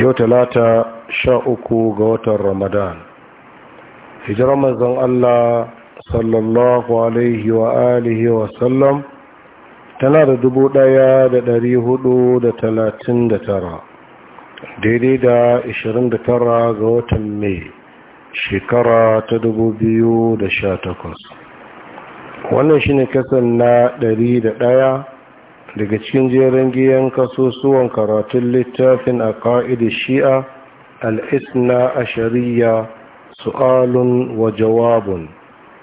yau talata sha uku ga watan ramadan hijira mazan allah sallallahu alaihi wa alihi wa sallam tana da dubu ɗaya da dari hudu da talatin da tara daidai da ishirin da tara ga watan mai shekara ta dubu biyu da sha takwas wannan shine kasan na dari da ɗaya daga cikin jerin giyan kasusuwan karatun littafin a ƙa'idar shi'a al'isna a shari'a su'alun wa jawabun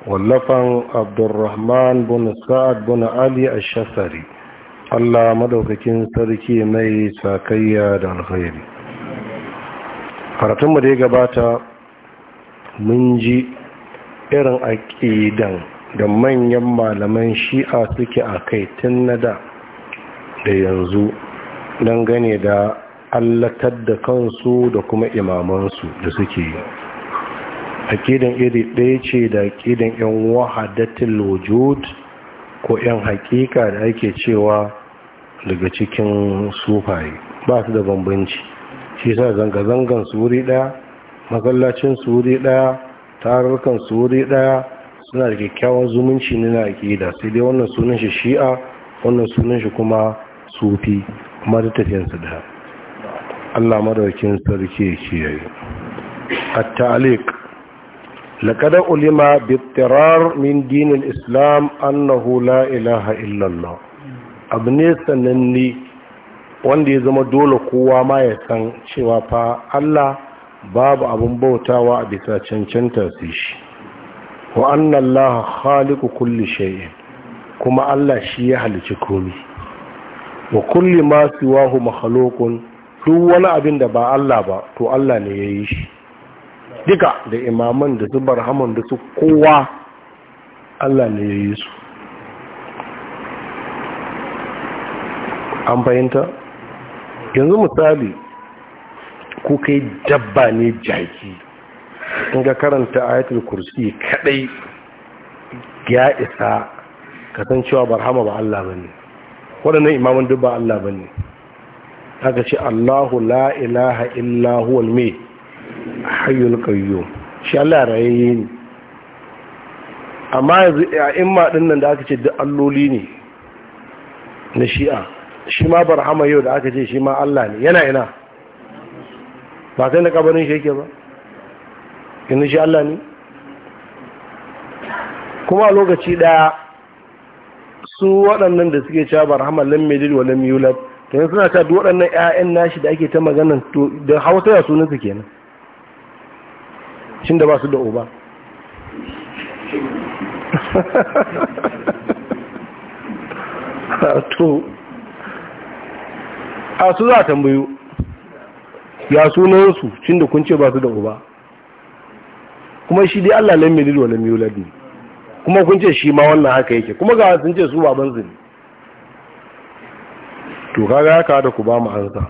wallafan abdurrahman bin sa'ad bin ali a shasari allah maɗaukakin sarki mai sakayya da alkhairi karatunmu da ya gabata mun ji irin aƙidan da manyan malaman shi'a suke a kai tun na da da yanzu dangane da allatar da kansu da kuma imamansu da suke yi aƙidan iri ɗaya ce da aƙidan 'yan wahadatul wujud ko 'yan haƙiƙa da ake cewa daga cikin sufaye ba su da bambanci shi sa zanga-zangan su ɗaya matsalacin su wuri ɗaya tarurrukan su ɗaya suna da kyakkyawan zumunci nuna na aƙida sai dai wannan sunan shi shi'a wannan sunan shi kuma sufi kuma da da Allah madaukin sarki kiyaye at-ta'liq laqad ulima bi min din islam annahu la ilaha illallah, abu ne sananni wanda ya zama dole kowa ma ya san cewa fa Allah babu abin bautawa a bisa cancanta sai shi wa annan laha kulli shay'in kuma Allah shi ya halici komai wa kulli ma siwahu makhluqun duk wani abin da ba Allah ba to Allah ne ya yi shi duka da imaman da zubar hamon da su kowa Allah ne ya yi su an fahimta yanzu misali ko kai dabba ne jaki in ga karanta ayatul kursi kadai ya isa kasancewa barhama ba Allah bane waɗannan imaman duk ba Allah ba ne aka ce Allahu la ilaha illa huwal me hayyul qayyum shi Allah rayayye ne amma yanzu a imma din nan da aka ce duk alloli ne na shi'a shi ma barhama yau da aka ce shi ma Allah ne yana ina ba sai na kabarin shi yake ba yanzu shi Allah ne kuma lokaci daya su waɗannan da suke cewa ba rahama lam yalid wa lam yulad to yanzu suna cewa duk waɗannan ƴaƴan nashi da ake ta magana to da Hausa ya sunan su kenan shin da ba su da uba to a su za a tambayo ya sunan su shin da kun ce ba su da uba kuma shi dai Allah lam yalid wa lam yulad ne kuma kun ce shi ma wannan haka yake kuma ga sun ce su baban zuri to kaga ya kawo da ku ba mu ansa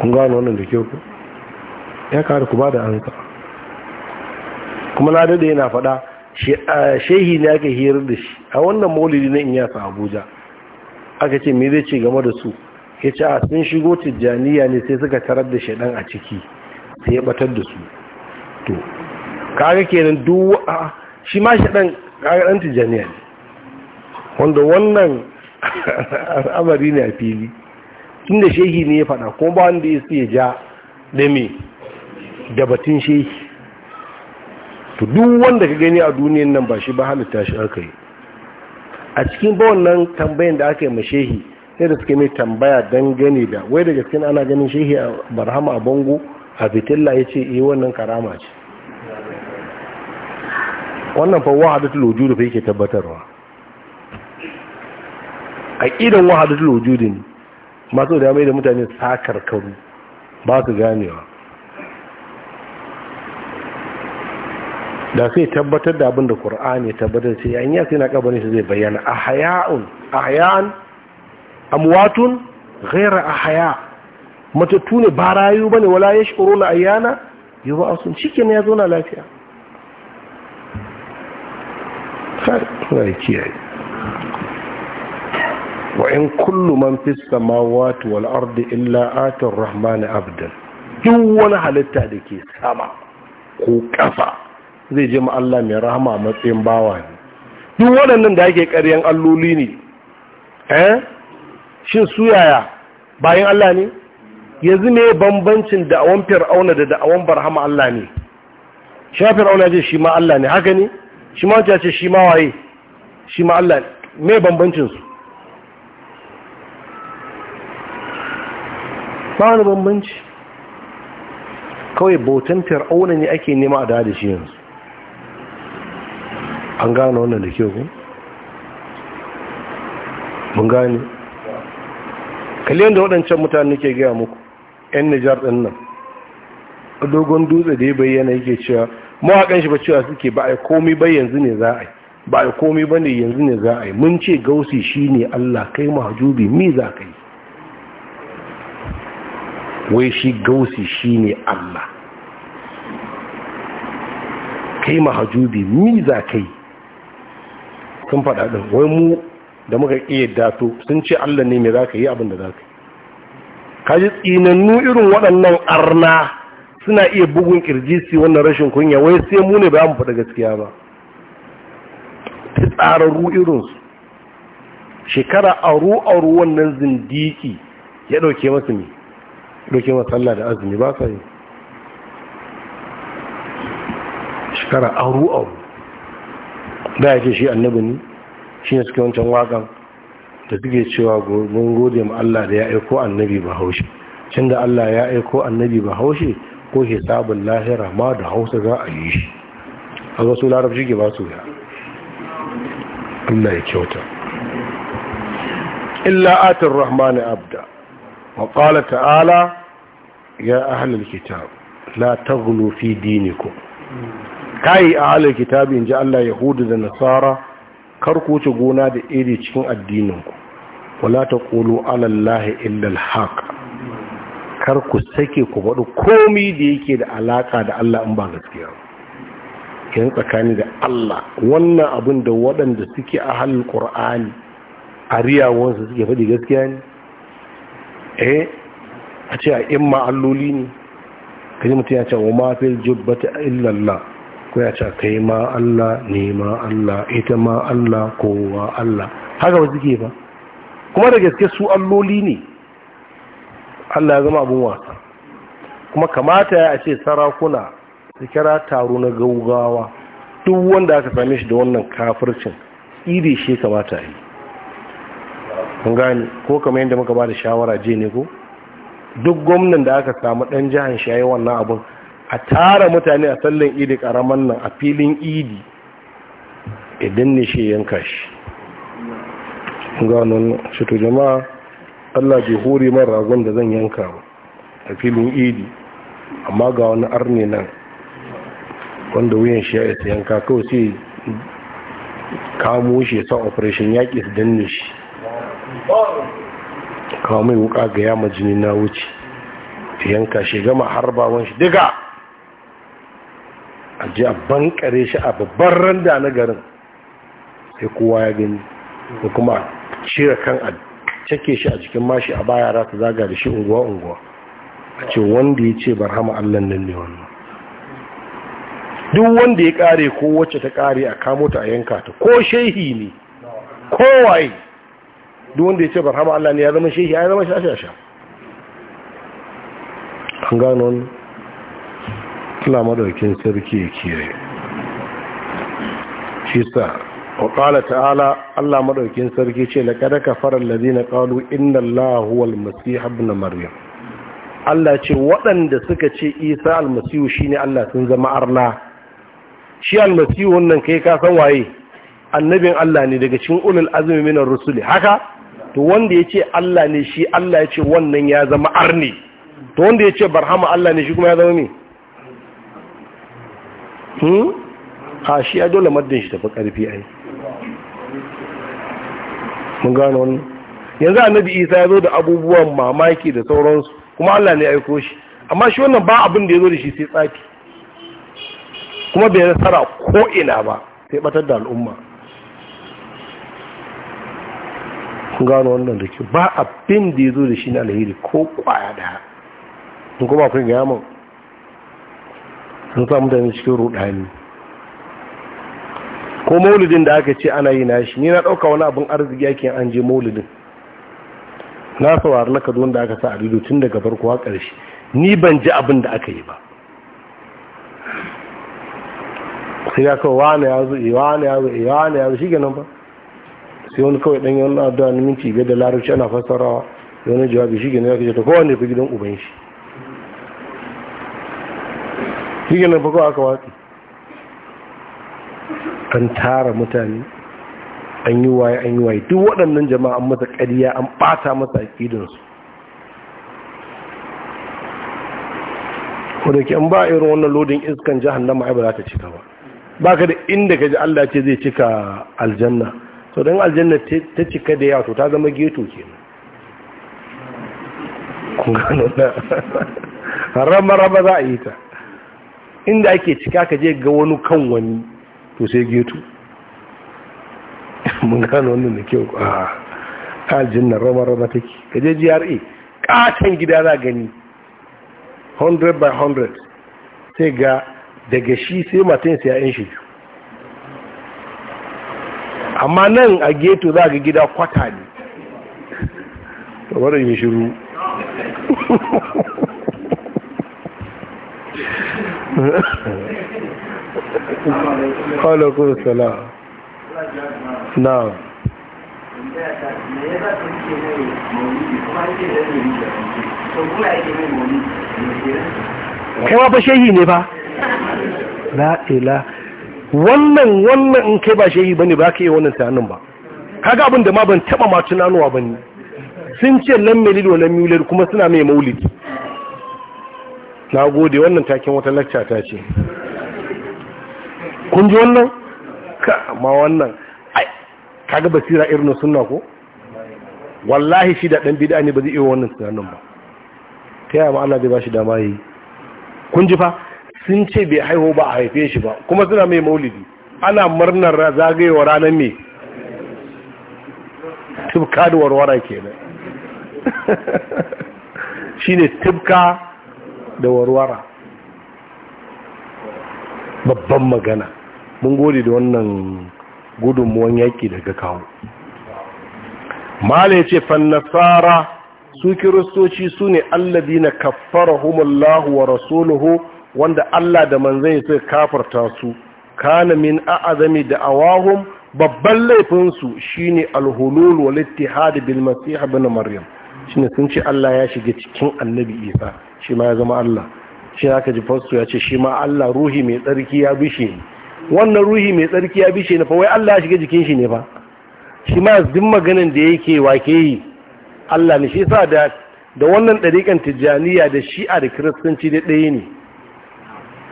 kun gano wannan da kyau ku ya kawo da ku ba da ansa kuma na dade yana faɗa shehi ne aka hirar da shi a wannan maulidi na inyasa abuja aka ce me zai ce game da su ya ce a sun shigo tijjaniya ne sai suka tarar da shaidan a ciki sai ya batar da su to kaga kenan duk shi ma shi dan kaga dan tijaniya ne wanda wannan al'amari ne a fili da shehi ne ya fada ko ba wanda ya ya ja da me da batun shehi to duk wanda ka gani a duniyan nan ba shi ba halitta shi aka yi a cikin ba wannan tambayan da aka yi ma shehi sai da suke mai tambaya gani da wai da gaske ana ganin shehi a barhama a bango a fitilla ya ce yi eh, wannan karama ce wannan fa wahadatul wujud fa yake tabbatarwa aqidan wahadatul wujud ne masu da mai da mutane sakar karu ba su ganewa da sai tabbatar da abin da qur'ani tabbatar sai an yi sai na kabarin zai bayyana ahya'un ahyan amwatun ghayra ahya' matattu ne ba rayu bane wala yashkuruna ayyana yub'asun shikenan ya zo na lafiya suna ya kiyaye wa in kullu man fis samawati wal ardi illa atar rahman abdan duk wani halitta da ke sama ko kafa zai je ma Allah mai rahama matsayin bawa ne duk waɗannan da yake ƙaryan alloli ne eh shin su yaya bayan Allah ne yanzu ne bambancin da'awan fir'auna da da'awan barhama Allah ne shi fir'auna ce shi ma Allah ne haka ne shi ma ce shi ma waye shi ma Allah me bambancin su ba wani bambanci kawai bautan fir'auna ne ake nema a da shi yanzu an gane wannan da kyau mun gane kaliyan da waɗancan mutane ke gaya muku 'yan nijar ɗin nan dogon dutse da ya bayyana yake cewa mawaƙan shi ba cewa suke ba a komi bai yanzu ne za a yi ba a komai ba ne yanzu ne za a yi mun ce gausi shi ne Allah kai mahajubi mi za ka yi wai shi gausi shi ne Allah kai mahajubi mi za ka yi sun faɗa ɗin wai mu da muka iya dato sun ce Allah ne mai za ka yi abinda za ka yi Ka ji tsinannu irin waɗannan arna suna iya bugun kirji su wannan rashin kunya wai sai mu ne ba mu faɗa gaskiya ba fitsararru irinsu shekara aru-aru wannan zindiki ya ɗauke masu ne ɗauke masu Allah da azumi ba sa yi shekara aru-aru da ya ce shi annabi ne shi ne suke wancan wakan da suke cewa mun gode ma Allah da ya aiko annabi ba haushe can da Allah ya aiko annabi ba haushe ko hesabin lahira ma da hausa za a yi shi a wasu larabci ke ba su ya Allah ya kyauta illa atir rahmani abda wa ta'ala ya ahlul kitab la taghlu fi dinikum kai ahlul kitab ji Allah yahudu da nasara kar ku wuce gona da iri cikin addininku wala ta ala alallahi illal alhaq kar ku sake ku bado komai da yake da alaƙa da Allah in ba gaskiya ba yin tsakani da Allah wannan abin da waɗanda suke a halin ƙur'ani a riyawansu suke faɗi gaskiya ne eh a ce a in alloli ne ji mutum ya ce wa mafil jubbata illallah ko ya ce kai ma Allah ne ma Allah ita ma Allah kowa Allah haka wasu ke ba kuma da gaske su alloli ne Allah ya zama abin wasa kuma kamata ya ce sarakuna su kira taro na gaugawa duk wanda aka same shi da wannan kafircin tsire shi kamata yi kun gani ko kamar yadda muka ba da shawara je ne ko duk gwamnan da aka samu dan jihar shi yayi wannan abun a tara mutane a sallan idi karaman nan a filin idi idan ne shi yanka shi gano shi to jama'a Allah ji hore man ragon da zan yanka ba a filin idi amma ga wani arne nan wanda wuyan shi ya isa yanka kawai sai kamo shi ya sa operation yaki su danne shi kawai mai wuka ga yama jini na wuce ta yanka shi gama harbawan shi diga a ji a bankare shi a babban randa na garin sai kowa ya gani da kuma a cire kan a cake shi a cikin mashi a baya rata zaga da shi unguwa-unguwa a ce wanda ya ce barhama allan nan ne wannan duk wanda ya kare ko wacce ta kare a kamo ta a yanka ta ko shehi ne kowai duk wanda ya ce barhama Allah ne ya zama shehi ya zama shashasha an gano wani. Kila madaukin sarki ya kiyaye shi sa wa ta'ala Allah madaukin sarki ce laqad kafara na qalu inda lahuwal huwal habu na maryam Allah ce waɗanda suka ce Isa almasihu shine Allah sun zama arna shi almasihu wannan kai ka san waye annabin Allah ne daga cikin ulul azumi minar rusuli haka to wanda yace Allah ne shi Allah yace wannan ya zama arni to wanda yace barhama Allah ne shi kuma ya zama me hmm ha shi ya dole maddin shi tafi karfi ai mun gano wannan yanzu annabi Isa ya zo da abubuwan mamaki da sauransu kuma Allah ne ya aiko shi amma shi wannan ba abin da ya zo da shi sai tsaki. kuma bai nasara ko ina ba sai batar da al'umma gano wannan da ke ba abin da ya zo da shi na alheri ko kwaya da in kuma akwai gaman sun sa mutane cikin rudani ko maulidin da aka ce ana yi na shi ni na ɗauka wani abin arziki yake an je maulidin na saurari na zo wanda aka sa a rido tun daga farko a ƙarshe ni ban ji abin da aka yi ba sai ya kawai wane ya zo eh, wane ya zo eh, wane ya zo shi nan ba sai wani kawai dan yawan addu'a na minti biyar da larabci ana fassarawa da wani jawabi shi nan ya kace ta kowane fi gidan uban shi shi gina fa kawai aka watsi an tara mutane an yi waye an yi waye duk waɗannan jama'a an masa ƙarya an ɓata masa aƙidinsu ko da ke an ba irin wannan lodin iskan jihar nan ba za ta cika ba Ba ka da inda ka ji Allah ce zai cika aljanna to don aljanna ta cika da yato ta zama geto kenan nan rama na za a yi ta inda ake cika ka je ga wani kan wani to sai geto mun gano wannan da kyau a ah, aljanna rama rama ke ka je GRA katon gida za gani 100 by 100 sai ga daga shi sai matan sai ya'yan shi amma nan a geto za ga gida kwata ne kamar yin shiru kwallakun sala na kai wa ba shehi ne ba la'ila wannan wannan in kai ba shehi bane ba ka yi wannan tunanin ba kaga abin da ma ban taba ma tunanuwa bane sun ce lan melid wa lan mulid kuma suna mai maulidi na gode wannan takin wata lacca ta ce kun ji wannan ka ma wannan kaga basira irin sunna ko wallahi shi da dan bid'a ne ba zai iya wannan tunanin ba ta yaya ma Allah zai ba shi dama yi kun ji fa sun ce bai haihu ba a haife shi ba kuma suna mai maulidi ana murnar zagayewa ranar mai tubka da warwara Shi ne tubka da warwara babban magana mun gode da wannan gudunmuwan yaƙi daga kawo mala ya ce fannasara su kiristoci su ne allabi na kaffara humallahu wa rasuluhu wanda Allah da manzon ya kafarta su kana min a'azami awahum babban laifin su shine alhulul wal ittihad bil masih ibn maryam shine sun ce Allah ya shiga cikin annabi Isa shi ma ya zama Allah shi aka ji fasu ya ce shi ma Allah ruhi mai tsarki ya bishe ni wannan ruhi mai tsarki ya bishe ni fa wai Allah ya shiga jikin shi ne fa shi ma duk maganin da yake wake yi Allah ne shi sa da da wannan dariƙan tijjaniya da shi'a da kiristanci da ɗaya ne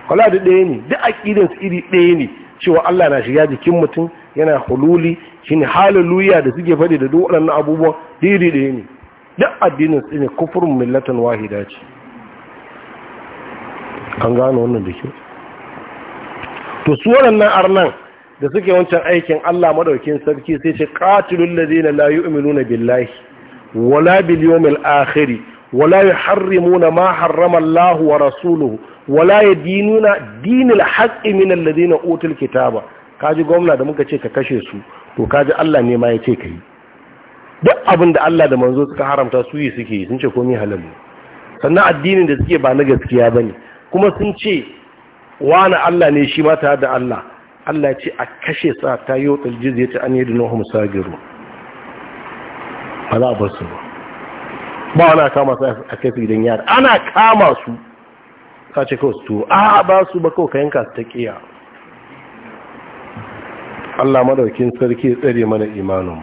kwala da ɗaya ne duk aƙidan su iri ɗaya ne cewa Allah na shiga jikin mutum yana hululi shine halaluya da suke faɗi da duk waɗannan abubuwan iri ɗaya ne duk addinin su ne kufurin millatan wahida ce an gano wannan da kyau to su waɗannan arnan da suke wancan aikin Allah madaukin sarki sai ce qatilul ladina la yu'minuna billahi wala bil yawmil akhir wala yuharrimuna ma harrama Allah wa rasuluhu wala yadinuna dinil haqqi min alladhina utul kitaba kaji gwamna da muka ce ka kashe su to kaji Allah ne ma yace kai duk abin da Allah da manzo suka haramta su yi suke sun ce komai halal ne sannan addinin da suke ba na gaskiya bane kuma sun ce wani Allah ne shi ma ta da Allah Allah ce a kashe sa ta yi wa tsaljiz ya ce an yi dinuhu musagiru ba za a ba ba ana kama su a kai su gidan yari ana kama su ka ce kawai su a ba su ba kawai ka yanka su ta kiya Allah madaukin sarki tsare mana imaninmu. mu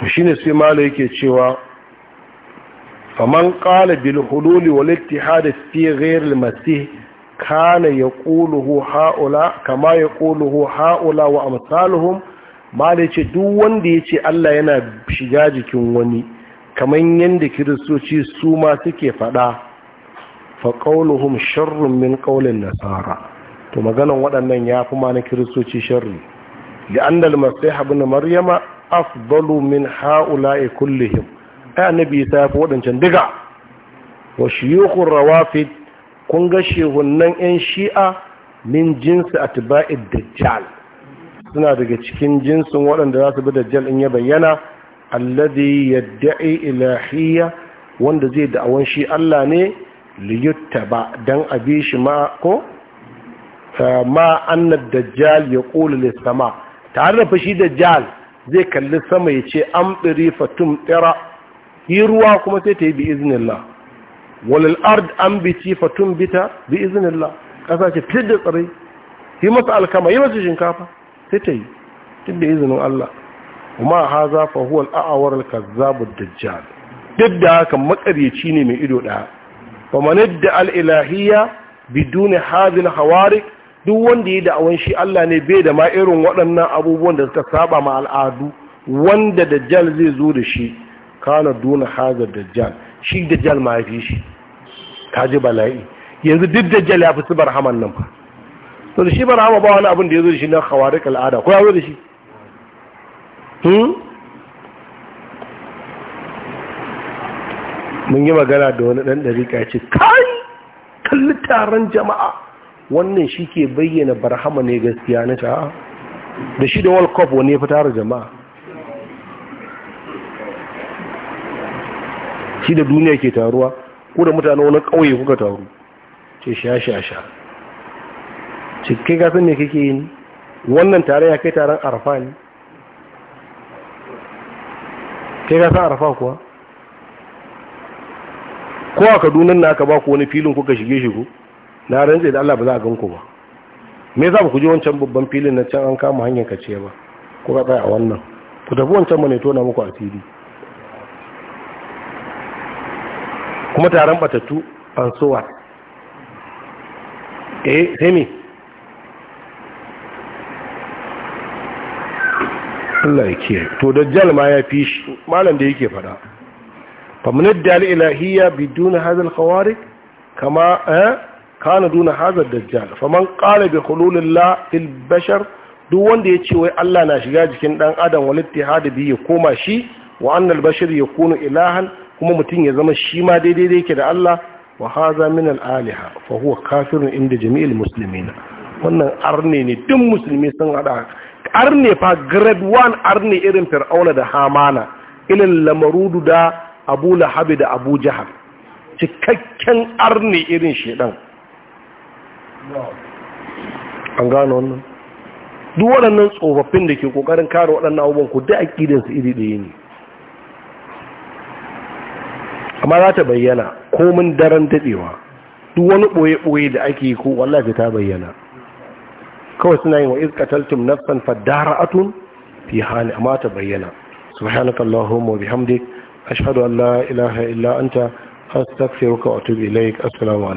to shine sai malo yake cewa faman kala bil hululi wal ittihad fi ghayr al masih kana yaquluhu haula kama yaquluhu haula wa amsaluhum malai ce duk wanda yace Allah yana shiga jikin wani kamar yadda kiristoci su ma suke faɗa fa ƙauluhum sharrun min ƙaulin nasara to maganan waɗannan ya fi ma na kiristoci sharri li'anna al-masih ibn maryama afdalu min ha'ula'i kullihim ai annabi ta fi waɗancan diga wa shuyukhur rawafid kun ga shehunan yan shi'a min jinsi atba'id dajjal suna daga cikin jinsin waɗanda za su bi dajjal in ya bayyana alladhi yad'i ilahiyya wanda zai da'awan shi Allah ne liyuttaba dan abishi ma ko ma anna dajjal yaqulu lis sama ta'arrafa shi dajjal zai kalli sama ya ce amdiri fatum tira yi ruwa kuma sai ta yi bi iznillah walil ard an bici fatum bita bi iznillah kasa ce fitar da tsirai yi masa alkama yi masa shinkafa sai ta yi tun da izinin Allah kuma haza fa huwa al-a'war dajjal duk da haka makaryaci ne mai ido daya fa manadda al-ilahiyya bidun hadhihi al hawarik duk wanda ya da'awan shi Allah ne bai da ma irin waɗannan abubuwan da suka saba ma al'adu wanda dajjal zai zo da shi kana duna hazar dajjal shi dajjal ma yafi shi kaji bala'i yanzu duk dajjal ya fi su barhaman nan fa to da shi barhama ba wani abin da ya zo da shi na khawarij al'ada ko ya zo da shi Hmm? mun yi magana da wani ɗan ɗariƙa ce kai kalli taron jama'a wannan shi ke bayyana barhama ne gaskiya na ta da shi da world cup wani ya fi tara jama'a shi da duniya ke taruwa ko da mutane wani ƙauye kuka taru ce sha-sha-sha cikin gasin ne kake yi wannan tare ya kai taron arfani ne kai ga san arafa kuwa ko a kaduna na aka ba ku wani filin kuka shige shigo na rantse da Allah ba za a gan ku ba me za ku je wancan babban filin na can an kama hanyar kace ba ko ka tsaya a wannan ku tafi wancan mu ne tona muku a fili kuma taron batattu an sowa eh sai me Allah ya kiyaye to dajjal ma ya fi shi malam da yake fada faminat da al'ilahiyya biduna hazal khawarik kama eh, kana duna hazal dajjal man qala bi hululillah fil bashar duk wanda ya ce wai Allah na shiga jikin dan adam wal ittihad bi ya koma shi wa annal bashar yakunu ilahan kuma mutum ya zama shi ma daidai yake da Allah wa haza min al-aliha fa huwa kafirun inda jami'il muslimin wannan arne ne duk musulmi sun hada arne fa grade 1 arne irin fir'auna da hamana ilin lamarudu da abu lahabi da abu jahar cikakken arne irin shedan an gano wannan duk waɗannan tsofaffin da ke ƙoƙarin kare waɗannan abubuwan ku da aƙidansu iri ɗaya ne amma za ta bayyana komin daren daɗewa duk wani ɓoye-ɓoye da ake yi ko wallafi ta bayyana kawai suna yin wa iz qataltum nafsan fadara'atun fi hali amma ta bayyana subhanakallahu wa bihamdik ashhadu an la ilaha illa anta astaghfiruka wa atubu ilaik assalamu